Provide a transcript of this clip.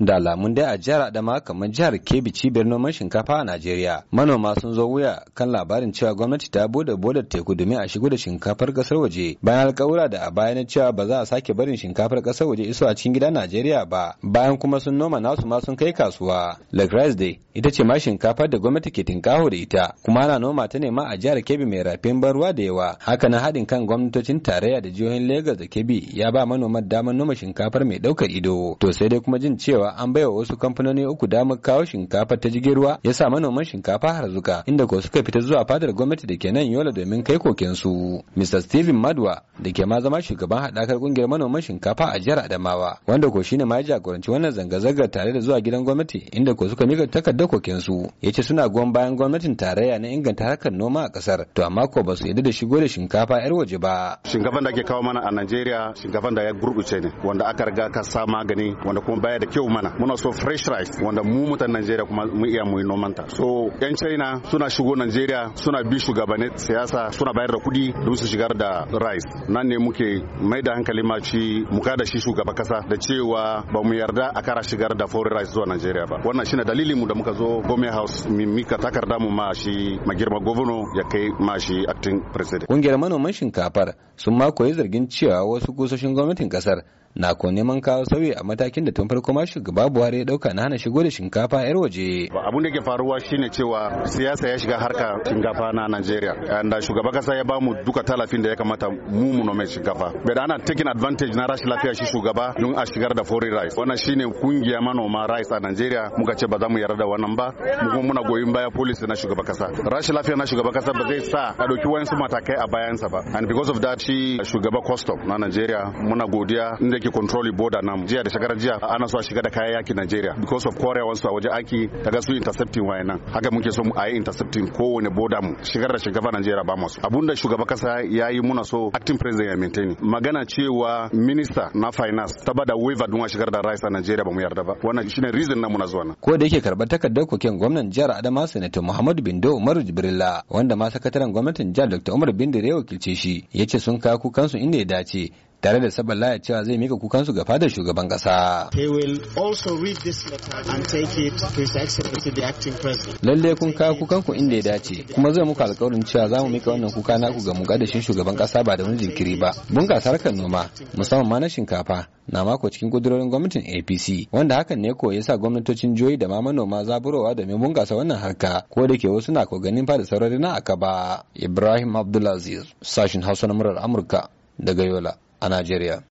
da alamun dai a jihar adama kamar jihar kebbi cibiyar noman shinkafa a najeriya manoma sun zo wuya kan labarin cewa gwamnati ta bude bodar teku domin a shigo da shinkafar kasar waje bayan alkawura da a baya na cewa ba za a sake barin shinkafar kasar waje iso a cikin gidan najeriya ba bayan kuma sun noma nasu ma sun kai kasuwa lagras day ita ce ma shinkafar da gwamnati ke tinkaho da ita kuma ana noma ta ne ma a jihar kebbi mai rafin ban ruwa da yawa haka na haɗin kan gwamnatocin tarayya da jihohin Legas da kebbi ya ba manoma damar noma shinkafar mai ɗaukar ido to sai dai kuma jin cewa cewa an baiwa wasu kamfanoni uku damar kawo shinkafa ta jirgin ruwa ya sa manoman shinkafa har zuka inda ko suka fita zuwa fadar gwamnati da ke nan yola domin kai kokensu. Mr. Steven Madwa da ke ma zama shugaban haɗakar ƙungiyar manoman shinkafa a jihar Adamawa wanda ko shine ma ya jagoranci wannan zanga-zangar tare da zuwa gidan gwamnati inda ko suka mika takardar kokin su yace suna goyon bayan gwamnatin tarayya na inganta harkar noma a ƙasar to amma ko ba su yarda da shigo da shinkafa yar waje ba shinkafan da ake kawo mana a Najeriya shinkafan da ya gurbuce ne wanda aka riga ka sa magani wanda kuma baya da kyau mana muna so fresh rice wanda mu mutan Najeriya kuma mu iya mu yi noman ta so yan China suna shigo Najeriya suna bi shugabannin siyasa suna bayar da kuɗi don su shigar da rice nan ne muke mai da hankali ma ci muka da shi shugaba kasa da cewa ba mu yarda a kara shigar da foreign rights zuwa Najeriya ba wannan shine dalilin mu da muka zo Gome House mi mika takarda mu ma shi magirma governor ya kai ma shi acting president kungiyar manoman shinkafar sun ma koyi zargin cewa wasu kusoshin gwamnatin kasar na ko neman kawo sauyi a matakin da tun farko ma shugaba Buhari ya dauka na hana shigo da shinkafa yar waje. Abun da ke faruwa shine cewa siyasa ya shiga harka shinkafa na Najeriya. Da uh, shugaba kasa ya bamu duka talafin da ya kamata mu mu nome shinkafa. bada ana taking advantage na rashin lafiya shi shugaba don a shigar da foreign rice. Wannan shine kungiya manoma rice a Najeriya muka ce ba za mu yarda da wannan ba. Mu kuma muna goyin baya policy na shugaba kasa. Rashin lafiya na shugaba kasa ba zai sa a dauki su matakai a bayansa ba. And because of that shi shugaba custom na Najeriya muna godiya inda ake control border nam jiya da shagarar jiya ana so a shiga da kayan yaki Najeriya because of korewan su a waje aiki daga su intercepting nan haka muke so a yi intercepting kowane border mu shigar da shugaba Najeriya ba masu abunda shugaba kasa ya yi muna so acting president ya maintain magana cewa minister na finance ta bada waiver don shigar da rice a Nigeria ba mu yarda ba wannan shine reason na muna zuwa nan ko da yake karbar takardar koken gwamnan jihar Adama senator Muhammadu Bindo Umaru Jibrilla wanda ma sakataren gwamnatin jihar Dr. Umar Bindo ya wakilce shi yace sun kawo kansu inda ya dace tare da sabon cewa zai mika kukansu ga fadar shugaban kasa. Lalle kun kawo kukanku inda ya dace kuma zai muka alkawarin cewa za mu mika wannan kuka naku ga mugadashin shugaban kasa ba da wani jinkiri ba. Bunƙasa harkar noma musamman ma na shinkafa na mako cikin kudurorin gwamnatin APC wanda hakan ne ko sa gwamnatocin jihohi da ma manoma zaburowa domin bunƙasa wannan harka ko da ke wasu na ko ganin fa da saurari na aka ba. Ibrahim Abdulaziz sashin Hausa na murar Amurka daga Yola. and Nigeria.